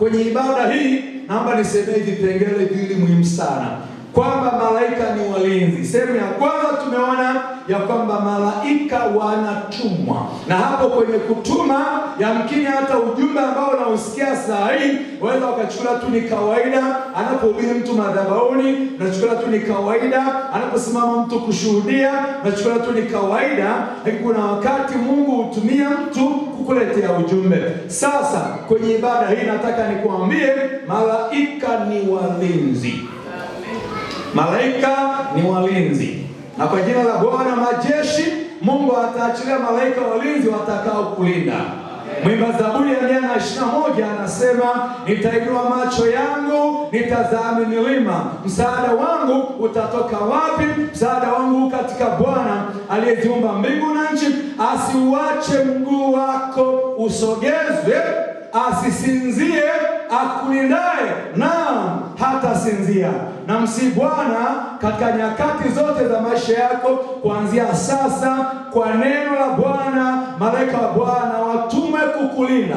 kwenye ibada hii, naomba niseme vipengele viwili muhimu sana kwamba malaika ni walinzi. Sehemu ya kwanza tumeona ya kwamba malaika wanatumwa, na hapo kwenye kutuma, yamkini hata ujumbe ambao unausikia saa hii waweza wakachukulia tu ni kawaida, anapohubiri mtu madhabahuni unachukulia tu ni kawaida, anaposimama mtu kushuhudia unachukulia tu ni kawaida. lakini Kuna wakati Mungu hutumia mtu kukuletea ujumbe. Sasa kwenye ibada hii nataka nikuambie, malaika ni walinzi. Malaika ni walinzi, na kwa jina la Bwana majeshi, Mungu ataachilia malaika walinzi watakao kulinda. Mwimba Zaburi ya mia na ishirini na moja anasema, nitainua macho yangu nitazame milima, msaada wangu utatoka wapi? Msaada wangu katika Bwana aliyeziumba mbingu na nchi. Asiuache mguu wako usogezwe, asisinzie akulindaye naam sinzia Na msi Bwana katika nyakati zote za maisha yako, kuanzia sasa, kwa neno la Bwana. Malaika wa Bwana watume kukulinda.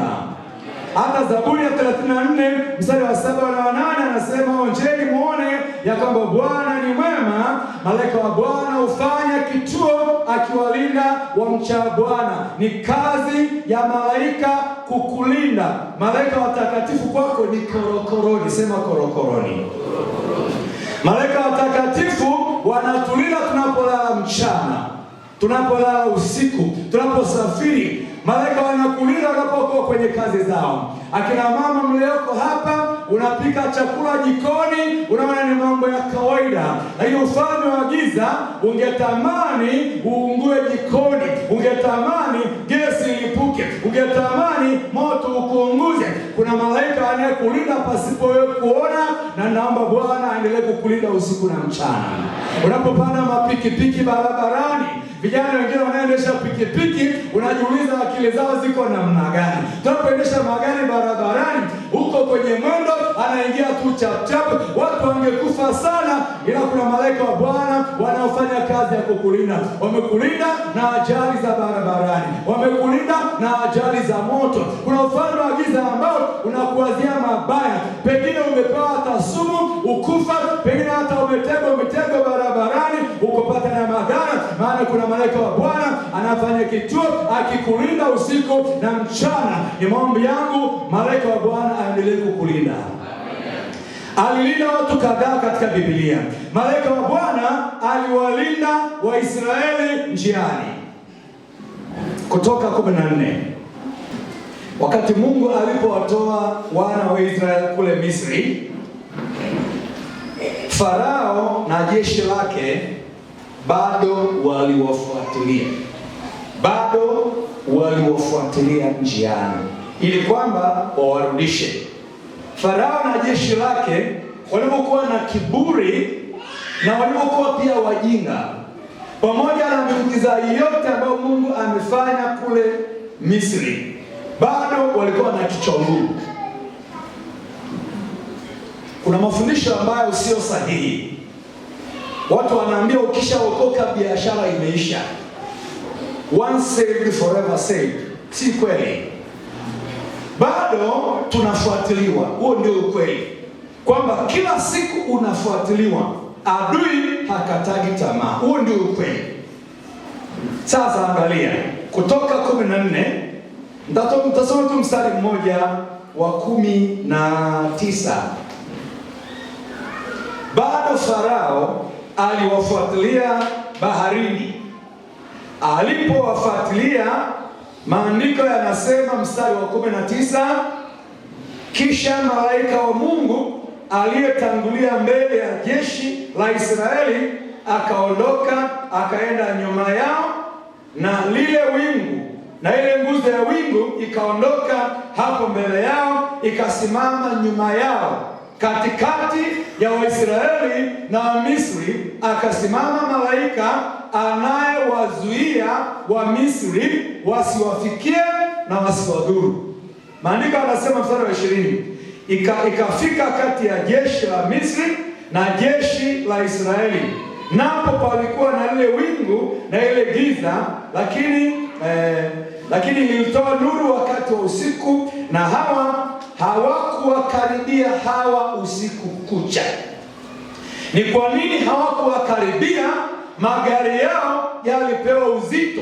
Hata Zaburi ya 34 mstari wa saba na wanane anasema onjeni muone ya kwamba Bwana ni mwema, malaika wa Bwana hufanya kituo akiwalinda wamcha Bwana. Ni kazi ya malaika kukulinda. Malaika watakatifu kwako ni korokoroni. Sema korokoroni. Malaika watakatifu wanatulinda tunapolala mchana, tunapolala usiku, tunaposafiri. Malaika wanakulinda unapokuwa kwenye kazi zao. Akina mama mlioko hapa unapika chakula jikoni, unaona ni mambo ya kawaida, lakini ufalme wa giza ungetamani uungue jikoni, ungetamani gesi ilipuke, ungetamani moto ukuunguze. Kuna malaika anayekulinda pasipo wewe kuona, na naomba Bwana aendelee kukulinda usiku na mchana, unapopanda mapikipiki barabarani Vijana wengine wanaendesha pikipiki, unajiuliza akili zao ziko namna gani? Tunapoendesha magari barabarani, huko kwenye mwendo anaingia tu chapchap, watu wangekufa sana, ila kuna malaika wa Bwana wanaofanya kazi ya kukulinda. Wamekulinda na ajali za barabarani, wamekulinda na ajali za moto. Kuna ufalme wa giza ambao unakuwazia mabaya, pengine umepewa hata sumu ukufa, pengine anafanya kituo akikulinda usiku na mchana. Ni maombi yangu malaika wa Bwana aendelee kukulinda. Alilinda watu kadhaa katika Biblia. Malaika wa Bwana aliwalinda Waisraeli njiani, Kutoka 14 wakati Mungu alipowatoa wana wa Israeli kule Misri, Farao na jeshi lake bado waliwafuatilia bado waliwafuatilia njiani ili kwamba wawarudishe. Farao na jeshi lake walipokuwa na kiburi na walipokuwa pia wajinga, pamoja na miujiza yote ambayo Mungu amefanya kule Misri, bado walikuwa na kichwa ngumu. Kuna mafundisho ambayo sio sahihi. Watu wanaambia ukishaokoka biashara imeisha one saved forever saved. Si kweli, bado tunafuatiliwa. Huo ndio ukweli, kwamba kila siku unafuatiliwa. Adui hakatagi tamaa, huo ndio ukweli. Sasa angalia Kutoka kumi na nne mtasoma tu mstari mmoja wa kumi na tisa bado Farao aliwafuatilia baharini alipowafuatilia, maandiko yanasema mstari wa kumi na tisa kisha malaika wa Mungu aliyetangulia mbele ya jeshi la Israeli akaondoka akaenda nyuma yao, na lile wingu na ile nguzo ya wingu ikaondoka hapo mbele yao ikasimama nyuma yao katikati ya Waisraeli na Wamisri, akasimama malaika anayewazuia Wamisri wasiwafikie na wasiwadhuru. Maandiko anasema mstari wa ishirini, Ika, ikafika kati ya jeshi la Misri na jeshi la Israeli, napo palikuwa na lile wingu na ile giza, lakini eh, lakini ilitoa nuru wakati wa usiku, na hawa hawakuwakaribia hawa usiku kucha. Ni kwa nini hawakuwakaribia? magari yao yalipewa uzito.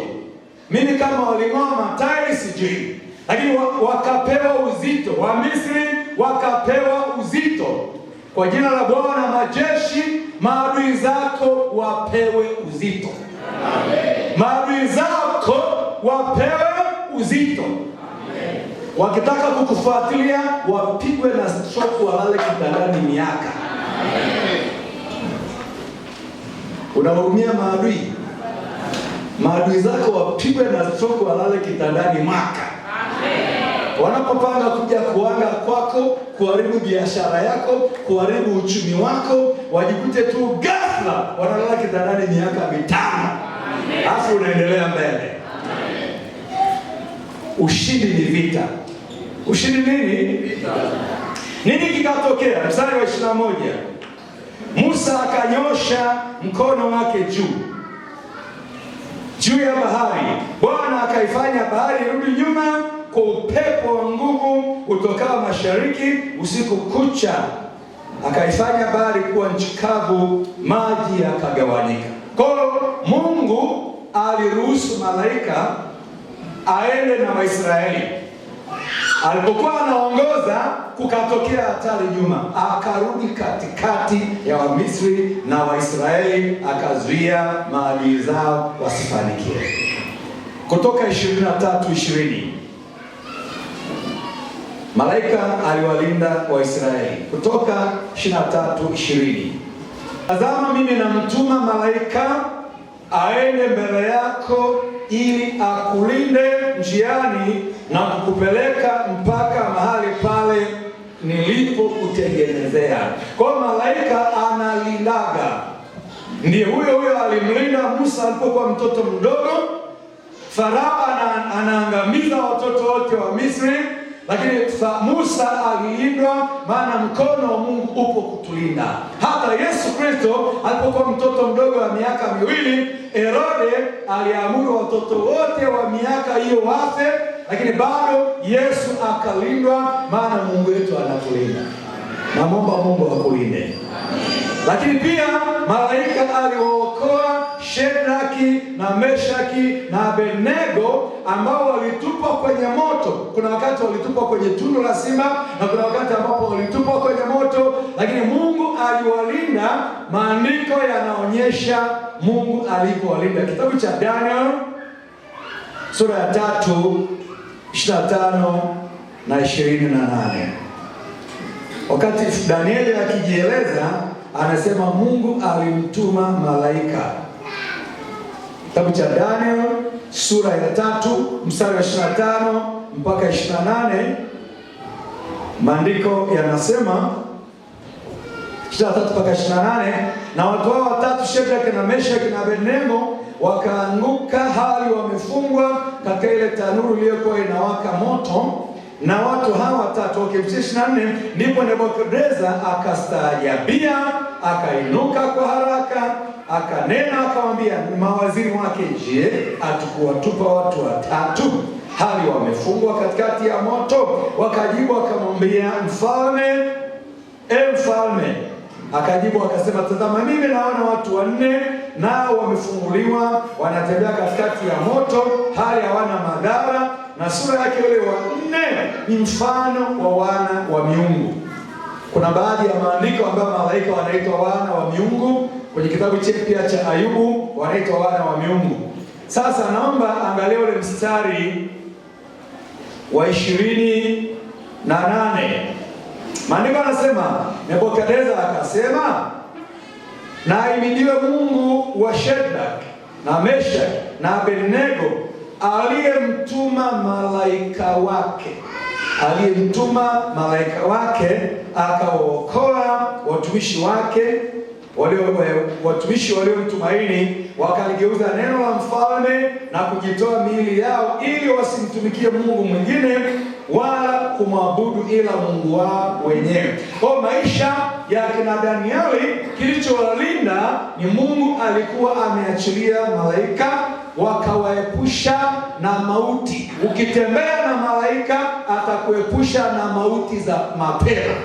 Mimi kama waling'oa matairi sijui, lakini wakapewa uzito, Wamisri wakapewa uzito. Kwa jina la Bwana majeshi, maadui zako wapewe uzito, maadui zako wapewe uzito Amen. Wakitaka kukufuatilia wapigwe na stroke, walale kitandani miaka Amen. Unawahudumia maadui, maadui zako wapigwe na stroke, walale kitandani maka Wanapopanga kuja kuanga kwako, kuharibu biashara yako, kuharibu uchumi wako, wajikute tu ghafla wanalala kitandani miaka mitano, alafu unaendelea mbele. Ushindi ni vita. Ushindi nini? Vita. Nini kikatokea? Mstari wa moja Musa akanyosha mkono wake juu juu ya bahari, Bwana akaifanya bahari irudi nyuma kwa upepo wa nguvu utokao mashariki usiku kucha, akaifanya bahari kuwa nchi kavu, maji yakagawanyika. Kwa hiyo Mungu aliruhusu malaika aende na Waisraeli. Alipokuwa anaongoza kukatokea hatari nyuma, akarudi katikati ya Wamisri na Waisraeli akazuia maadui zao wasifanikiwe. Kutoka 23 20 malaika aliwalinda Waisraeli. Kutoka 23 20 tazama, mimi namtuma malaika aende mbele yako ili akulinde njiani na kukupeleka mpaka mahali pale nilipokutengenezea. Kwa malaika analindaga, ndiye huyo huyo alimlinda Musa alipokuwa mtoto mdogo. Farao anaangamiza watoto wote wa Misri. Lakini Musa alilindwa, maana mkono wa Mungu upo kutulinda. Hata Yesu Kristo alipokuwa mtoto mdogo wa miaka miwili, Herode aliamuru watoto wote wa miaka hiyo wafe, lakini bado Yesu akalindwa, maana Mungu wetu anatulinda. Namwomba Mungu akulinde. Lakini pia malaika aliwaokoa Shedraki na Meshaki na Abednego ambao walitupwa kwenye moto. Kuna wakati walitupwa kwenye tundu la simba na kuna wakati ambapo walitupwa kwenye moto, lakini Mungu aliwalinda. Maandiko yanaonyesha Mungu alipowalinda. Kitabu cha Daniel sura ya tatu ishirini na tano na ishirini na nane wakati Danieli akijieleza anasema Mungu alimtuma malaika Kitabu cha Daniel sura ya tatu mstari wa 25 mpaka 28, maandiko yanasema 23 mpaka 28, na watu hao watatu Shadraka na Meshaki na Abednego wakaanguka hali wamefungwa katika ile tanuru iliyokuwa inawaka moto na watu hawa watatu wakimsishi na nne, ndipo Nebukadreza akastaajabia, akainuka kwa haraka akanena akamwambia mawaziri wake, je, atukuwatupa watu watatu hali wamefungwa katikati ya moto? Wakajibu akamwambia mfalme, e mfalme. Akajibu akasema, tazama, mimi naona watu wanne nao wamefunguliwa, wanatembea katikati ya moto, hali hawana madhara, na sura yake yule wa nne ni mfano wa wana wa miungu. Kuna baadhi ya maandiko ambayo malaika wanaitwa wana wa miungu kwenye kitabu pia cha Ayubu wanaitwa wana wa miungu. Sasa naomba angalia ule mstari wa ishirini na nane. Maandiko anasema Nebukadneza akasema, na ahimidiwe Mungu wa Shadraka na mesha na Abednego aliyemtuma malaika wake aliyemtuma malaika wake akaokoa watumishi wake walio eh, watumishi waliomtumaini wakaligeuza neno la mfalme na kujitoa miili yao ili wasimtumikie Mungu mwingine wala kumwabudu ila Mungu wao wenyewe. Kwa maisha ya kina Danieli, kilichowalinda ni Mungu alikuwa ameachilia malaika wakawaepusha na mauti. Ukitembea na malaika atakuepusha na mauti za mapema,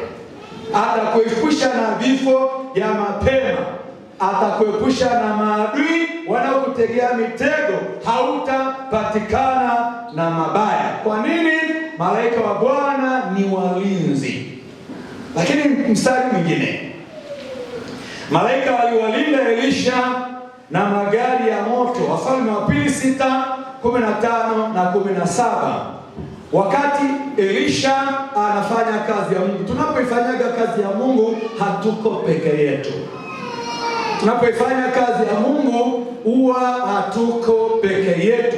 atakuepusha na vifo ya mapema atakuepusha na maadui wanaokutegea mitego, hautapatikana na mabaya. Kwa nini? Malaika wa Bwana ni walinzi. Lakini mstari mwingine, malaika waliwalinda Elisha na magari ya moto, Wafalme wa Pili sita kumi na tano na kumi na saba. Wakati Elisha anafanya kazi ya Mungu, tunapoifanyaga kazi ya Mungu hatuko peke yetu. Tunapoifanya kazi ya Mungu huwa hatuko peke yetu.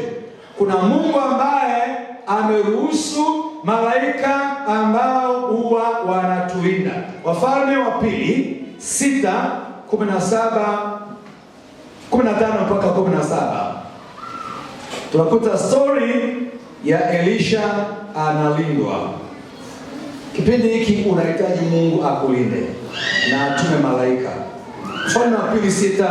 Kuna Mungu ambaye ameruhusu malaika ambao huwa wanatulinda. Wafalme wa Pili sita kumi na saba kumi na tano mpaka kumi na saba tunakuta story ya Elisha analindwa. Kipindi hiki unahitaji Mungu akulinde na atume malaika. Mfalme wa Pili sita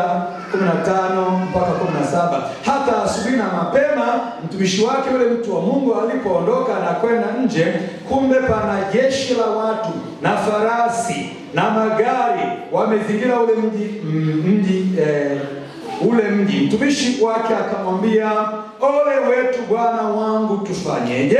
kumi na tano mpaka kumi na saba. Hata asubuhi na mapema mtumishi wake yule mtu wa Mungu alipoondoka na kwenda nje, kumbe pana jeshi la watu na farasi na magari wamezingira ule mji mm, mji eh, ule mji, mtumishi wake akamwambia, ole wetu bwana wangu, tufanyeje?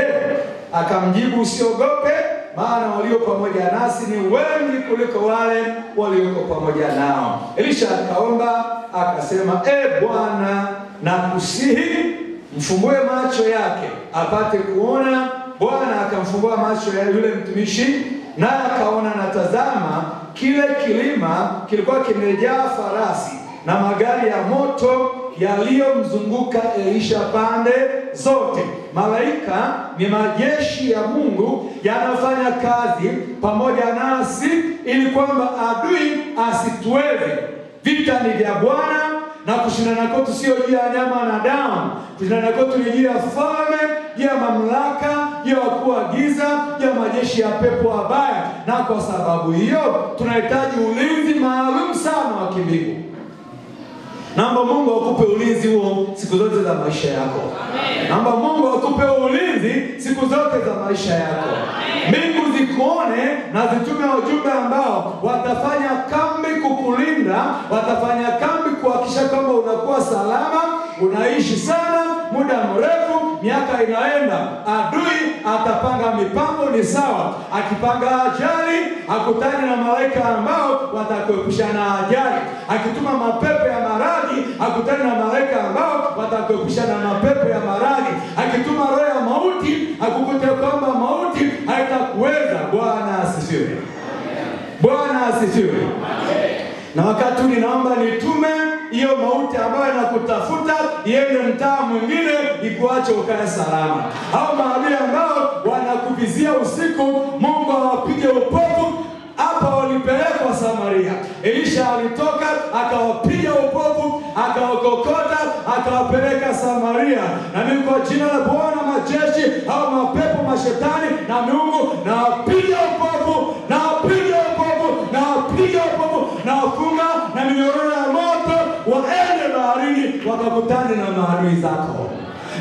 Akamjibu, usiogope, maana walio pamoja nasi ni wengi kuliko wale walioko pamoja nao. Elisha akaomba akasema, e Bwana, nakusihi mfumbue macho yake apate kuona. Bwana akamfumbua macho ya yule mtumishi, naye akaona, na tazama, kile kilima kilikuwa kimejaa farasi na magari ya moto yaliyomzunguka Elisha pande zote. Malaika ni majeshi ya Mungu yanafanya kazi pamoja nasi ili kwamba adui asituweze. Vita ni vya Bwana na kushindana kwetu sio juu ya nyama na damu. Kushindana kwetu ni juu ya falme, juu ya mamlaka, juu ya wakuu wa giza, juu ya majeshi ya pepo wabaya, na kwa sababu hiyo tunahitaji ulinzi maalum sana wa kimbingu. Naomba Mungu akupe ulinzi huo siku zote za maisha yako. Naomba Mungu akupe ulinzi siku zote za maisha yako. Mbingu zikuone na zitume wajumbe ambao watafanya kambi kukulinda, watafanya kambi kuhakikisha kwamba unakuwa salama, unaishi sana muda mrefu, miaka inaenda, adui atapanga mipango. Ni sawa, akipanga ajali akutane na malaika ambao na ajali, akituma mapepo akutane na malaika ambao watakuepusha na mapepo ya maradhi. Akituma roho ya mauti akukute kwamba mauti haitakuweza. Bwana asifiwe, Bwana asifiwe. Na wakati huu ninaomba nitume hiyo mauti ambayo inakutafuta iende mtaa mwingine, ikuache ukae salama. Au maadui ambao wanakuvizia usiku, Mungu awapige upofu. Hapa walipelekwa Samaria, Elisha alitoka akawapiga upofu akawakokota akawapeleka Samaria. Na mimi kwa jina la Bwana majeshi au mapepo mashetani na miungu nawapiga upofu, nawapiga upofu, nawapiga upofu, nawafunga na minyororo ya moto, waende baharini wakakutane na maadui zako.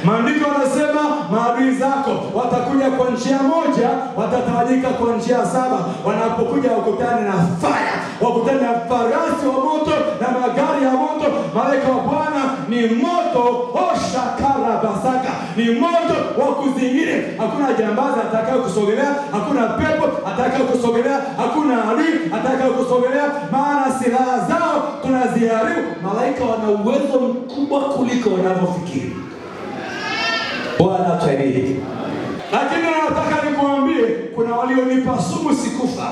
Maandiko anasema maadui zako watakuja kwa njia moja, watatawanyika kwa njia saba. Wanapokuja wakutane na faya, wakutane na farasi wa moto na magari ya moto malaika wa Bwana ni moto basaka, ni moto wa kuzingira. Hakuna jambazi atakayo kusogelea, hakuna pepo atakayo kusogelea, hakuna adui atakayo kusogelea, maana silaha zao tunaziharibu. Malaika wana uwezo mkubwa kuliko wanavyofikiri. Bwana tusaidie. Lakini nataka nikuambie, kuna walionipa sumu sikufa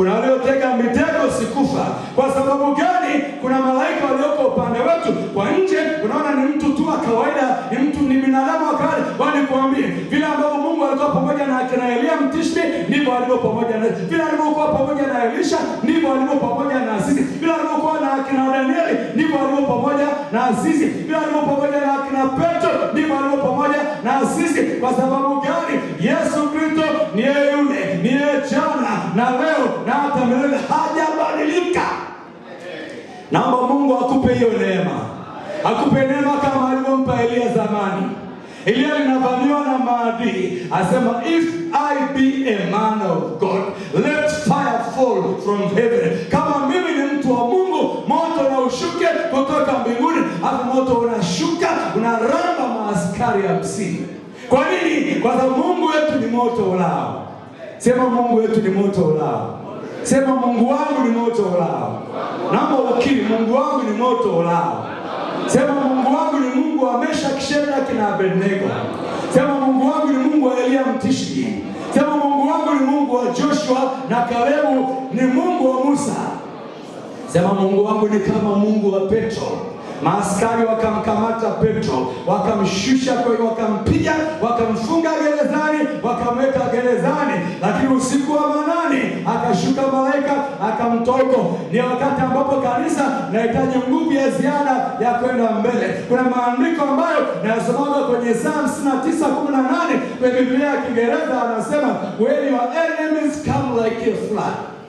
kuna waliotega mitego sikufa. Kwa sababu gani? Kuna malaika walioko upande wetu. Kwa nje unaona ni mtu tu wa kawaida, ni mtu ni binadamu wa kawaida, kuambie vile ambavyo Mungu alikuwa pamoja na akina Elia mtishbi, ndivyo alivyo pamoja na vile alivyokuwa pamoja na Elisha, ndivyo alivyo pamoja na Azizi, vile alivyokuwa na akina Danieli, ndivyo alivyo pamoja na Azizi, vile alivyo pamoja na akina Petro, ndivyo alivyo pamoja na Azizi. Kwa sababu gani? Yesu Kristo ni yeye yule, ni yeye jana na leo hajabadilika. Naomba Mungu akupe hiyo neema, akupe neema kama alivyompa Elia zamani. iliyo linavamiwa na maadui, asema if I be a man of God let fire fall from heaven. Kama mimi ni mtu wa Mungu, moto na ushuke kutoka mbinguni. Hapo moto unashuka unaramba maaskari hamsini. Kwa nini? Kwa sababu Mungu wetu ni moto ulao. Sema Mungu wetu ni moto ulao. Sema Mungu wangu ni moto ulao. Naomba ukiri Mungu wangu ni moto ulao. Sema Mungu wangu ni Mungu wa Meshaki, Shadraka na Abednego. Sema Mungu wangu ni Mungu wa Elia mtishbi. Sema Mungu wangu ni Mungu wa Joshua na Kalebu, ni Mungu wa Musa. Sema Mungu wangu ni kama Mungu wa Petro. Maaskari wakamkamata Petro, wakamshusha, kwa wakampiga, wakamfunga gerezani, wakamweka gerezani lakini usiku wa manani akashuka malaika akamtoko. Ni wakati ambapo kanisa nahitaji nguvu ya ziada ya kwenda mbele. Kuna maandiko ambayo nayasomaga kwenye na nane kwenye Biblia ya Kiingereza, anasema when your enemies come like a flood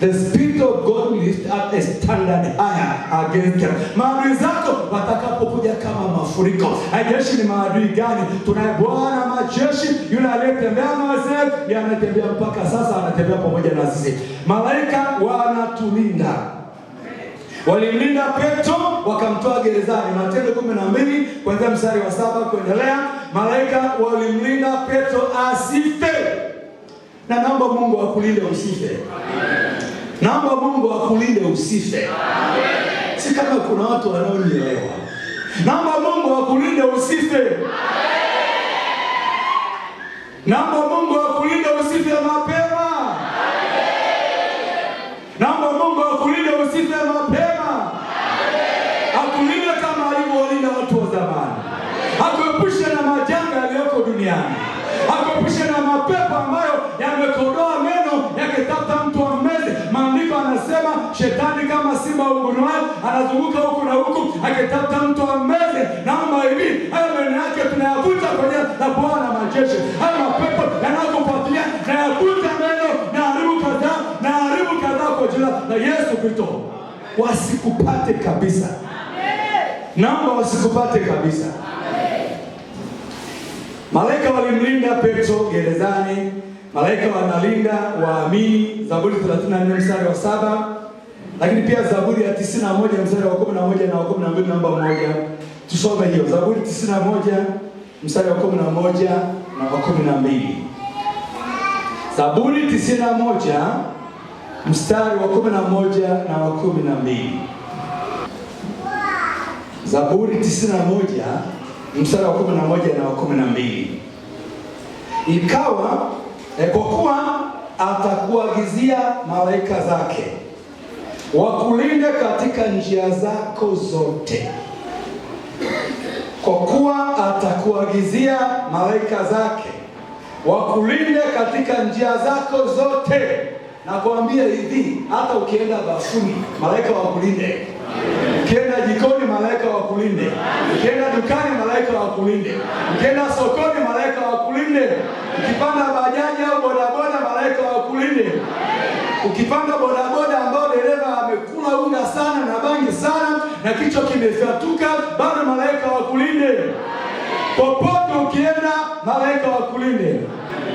The spirit of God will lift up a standard higher against them. Maadui zako watakapokuja kama mafuriko, ajeshi ni maadui gani? Tunaye Bwana majeshi, yule aliyetembea na wazee, anatembea mpaka sasa, anatembea pamoja na sisi. Malaika wanatulinda walimlinda Petro wakamtoa gerezani, Matendo kumi na mbili kuanzia mstari wa saba kuendelea. Malaika walimlinda Petro asife na naomba Mungu akulinde usife. Amen. Naomba Mungu akulinde usife. Amen. Si kama kuna watu wanaonielewa. Naomba Mungu akulinde usife. Amen. Naomba Mungu akulinde usife mapema. Amen. Naomba Mungu akulinde usife mapema. Amen. Akulinde kama alivyolinda watu wa zamani. Akuepushe na majanga yaliyoko duniani. Amen. mkono wake, anazunguka huku na huku akitafuta mtu ammeze. Naomba hivi, haya maneno yake tunayavuta kwenye jina la Bwana majeshi. Haya mapepo yanayokufuatilia nayavuta meno na haribu kadhaa na haribu kadhaa kwa jina la Yesu Kristo, wasikupate kabisa. Naomba wasikupate kabisa. Malaika walimlinda Petro gerezani. Malaika wanalinda waamini, Zaburi 34 mstari wa saba. Lakini pia Zaburi ya 91 mstari wa 11 na wa 12 namba moja. Tusome hiyo Zaburi 91 mstari wa 11 na wa 12. Zaburi 91 mstari wa 11 na wa 12. Zaburi 91 mstari wa 11 na wa 12. Ikawa kwa kuwa atakuagizia malaika zake wakulinde katika njia zako zote, kwa kuwa atakuagizia malaika zake wakulinde katika njia zako zote. Nakwambia hivi, hata ukienda bafuni malaika wakulinde, ukienda jikoni malaika wakulinde, ukienda dukani malaika wakulinde, ukienda sokoni malaika wakulinde, ukipanda bajaji au bodaboda malaika wakulinde, ukipanda boda kichwa kimefyatuka, bado malaika wakulinde. Popote ukienda, malaika wakulinde.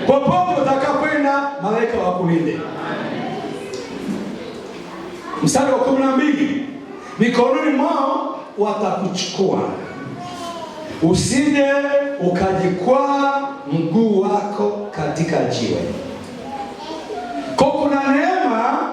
Popote utakapoenda, malaika wakulinde. Mstari wa kumi na mbili, mikononi mwao watakuchukua, usije ukajikwaa mguu wako katika jiwe. Kwa kuna neema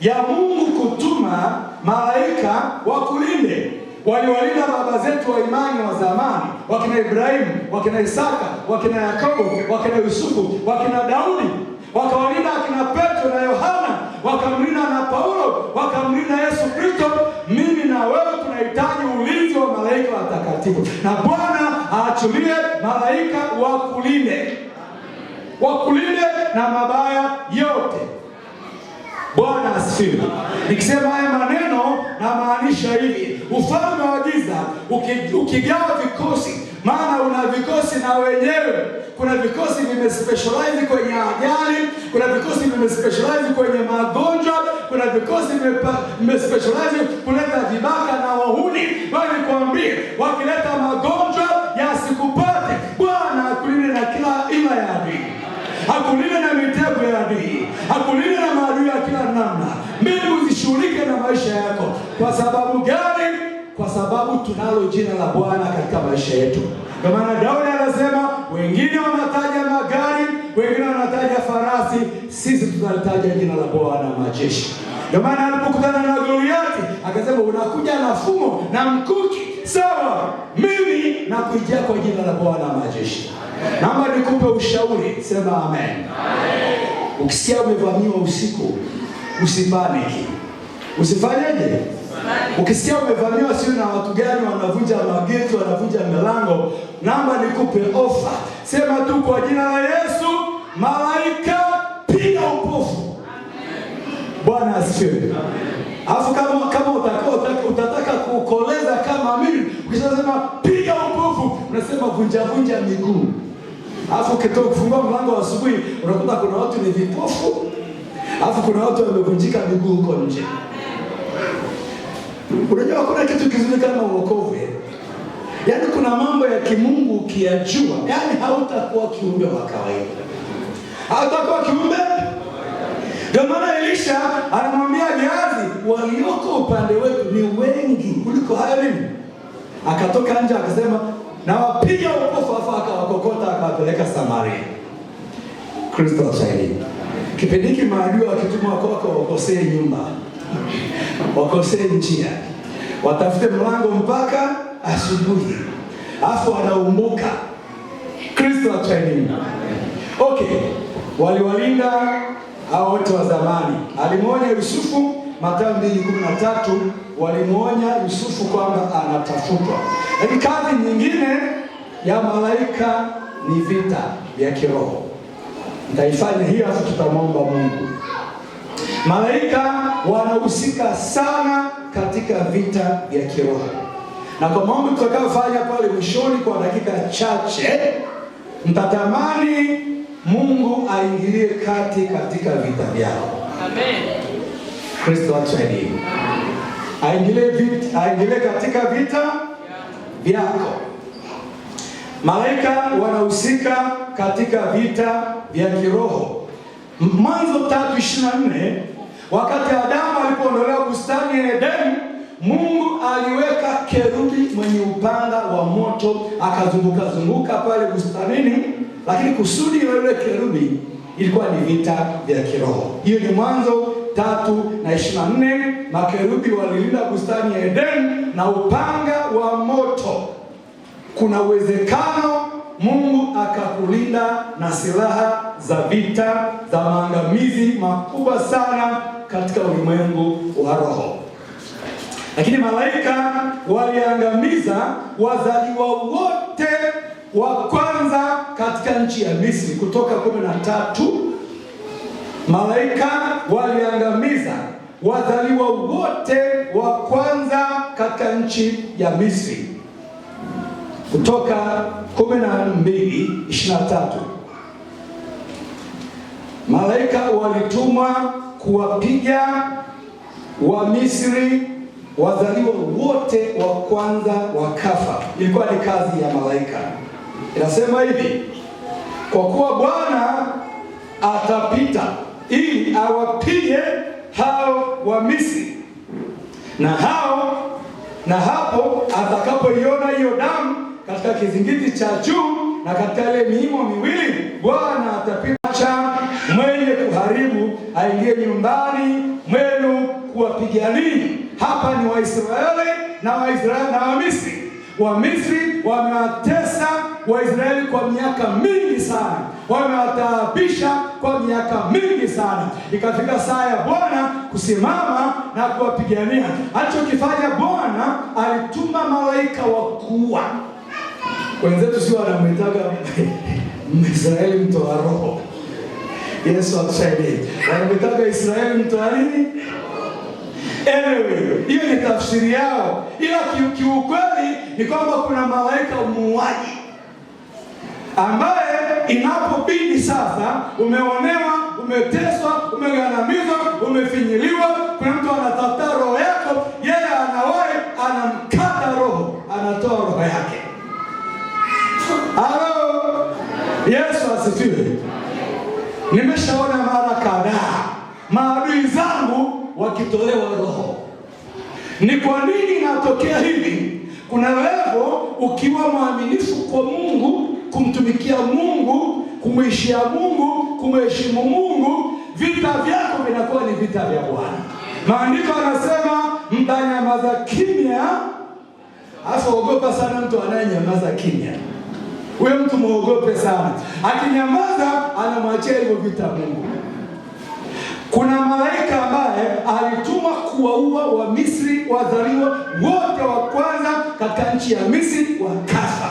ya Mungu kutuma malaika wakulinde, waliwalinda baba zetu wa imani wa zamani, wakina Ibrahimu, wakina Isaka, wakina Yakobo, wakina Yusufu, wakina Daudi, wakawalinda akina Petro na Yohana, wakamlinda na Paulo, wakamlinda Yesu Kristo. Mimi na wewe tunahitaji ulinzi wa malaika watakatifu, na Bwana aachilie malaika wakulinde, wakulinde na mabaya yote. Bwana asifiwe. Nikisema haya maneno inamaanisha hivi, ufalme wa giza ukigawa vikosi, maana una vikosi na wenyewe kuna vikosi vimespecialize kwenye ajali, kuna vikosi vimespecialize kwenye magonjwa, kuna vikosi vimespecialize kuleta vibaka na wahuni. Bali nikwambie, wakileta magonjwa yasikupate. Bwana akulinde na kila ima ya adui, akulinde na mitego ya adui, akulinde na maadui ya kila namna. Mbingu zishughulike na maisha ya kwa sababu gani? Kwa sababu tunalo jina la Bwana katika maisha yetu. Kwa maana Daudi anasema, wengine wanataja magari, wengine wanataja farasi, sisi tunalitaja jina la Bwana majeshi. Kwa maana alipokutana na Goliati akasema, unakuja na fumo na mkuki, sawa, mimi nakuja kwa jina la Bwana majeshi. Naomba nikupe ushauri, sema amen, amen. Ukisikia umevamiwa usiku, usipaniki, usifanyeje Ukisikia umevamiwa sio na watu gani, wanavunja mageti, wanavunja milango, namba nikupe ofa, sema tu kwa jina la Yesu, malaika piga upofu. Bwana asifiwe. Alafu kama kama utataka utataka kukoleza kama mimi, ukishasema piga upofu, unasema vunja vunja miguu. Alafu kitoka kufungua mlango asubuhi, unakuta kuna watu ni vipofu, alafu kuna watu wamevunjika miguu huko nje. Unajua kuna kitu kizuri kama uokovu. Eh? Yaani kuna mambo ya kimungu ukiyajua, yaani hautakuwa kiumbe wa kawaida. Hautakuwa kiumbe? Ndio maana Elisha anamwambia Gehazi, walioko upande wetu ni wengi kuliko hayo mimi. Akatoka nje akasema, nawapiga upofu akawakokota akawapeleka Samaria. Kristo asaidie. Kipindi hiki maadui wakitumwa kwako wakosee nyumba wakosee njia, watafute mlango mpaka asubuhi, afu wanaumbuka. Kristo atainina. Okay, waliwalinda hao wote wa zamani. Alimwonya Yusufu, Mathayo tatu walimwonya Yusufu kwamba anatafutwa. Lakini kazi nyingine ya malaika ni vita vya kiroho. Nitaifanya hiyo, afu tutamwomba Mungu. Malaika wanahusika sana katika vita vya kiroho, na kwa maombi tutakayofanya pale mwishoni kwa dakika chache, mtatamani Mungu aingilie kati katika vita vyao. Amen. Kristo atusaidie. Aingilie vita, aingilie katika vita vyako. Malaika wanahusika katika vita vya kiroho. Mwanzo 3:24 Wakati Adamu alipoondolewa bustani ya Edeni, Mungu aliweka kerubi mwenye upanga wa moto akazunguka zunguka pale bustanini, lakini kusudi la yule kerubi ilikuwa ni vita vya kiroho. Hiyo ni Mwanzo tatu na ishirini na nne. Makerubi walilinda bustani ya Edeni na upanga wa moto. Kuna uwezekano Mungu akakulinda na silaha za vita za maangamizi makubwa sana katika ulimwengu wa roho. Lakini malaika waliangamiza wazaliwa wote wa kwanza katika nchi ya Misri, Kutoka kumi na tatu. Malaika waliangamiza wazaliwa wote wa kwanza katika nchi ya Misri. Kutoka 12:23 malaika walitumwa kuwapiga wa Misri wazaliwa wote wa kwanza wakafa. Ilikuwa ni kazi ya malaika. Inasema hivi, kwa kuwa Bwana atapita ili awapige hao wa Misri na hao na hapo atakapoiona hiyo damu katika kizingiti cha juu na katika ile miimo miwili Bwana atapicha mwenye kuharibu aingie nyumbani mwenu kuwapiganini. Hapa ni Waisraeli na Waisraeli na Wamisri. Wamisri wamewatesa Waisraeli kwa miaka mingi sana, wamewataabisha kwa miaka mingi sana. Ikafika saa ya Bwana kusimama na kuwapigania. Alichokifanya Bwana, alituma malaika wakuu Wenzetu sio wanamwitaga Mwisraeli mtoa roho. Yesu atusaidie. Wanamwitaga Israeli mtoa nini? Anyway, hiyo ni tafsiri yao, ila kiukweli ni kwamba kuna malaika muuaji ambaye inapobidi sasa, umeonewa, umeteswa, umegandamizwa, umefinyiliwa, kuna mtu anatafuta roho yako Halo, Yesu asifiwe. Nimeshaona mara kadhaa maadui zangu wakitolewa roho. Ni kwa nini natokea hivi? Kuna levo, ukiwa mwaminifu kwa Mungu, kumtumikia Mungu, kumwishia Mungu, kumheshimu Mungu, vita vyako vinakuwa ni vita vya Bwana. Maandiko anasema mtanyamaza kimya, hasa ogopa sana mtu anayenyamaza kimya. Huyo mtu muogope sana, akinyamaza anamwachia hivyo vita Mungu. Kuna malaika ambaye alitumwa kuwaua wa Misri wadhaliwa wote wa kwanza katika nchi ya Misri wakafa.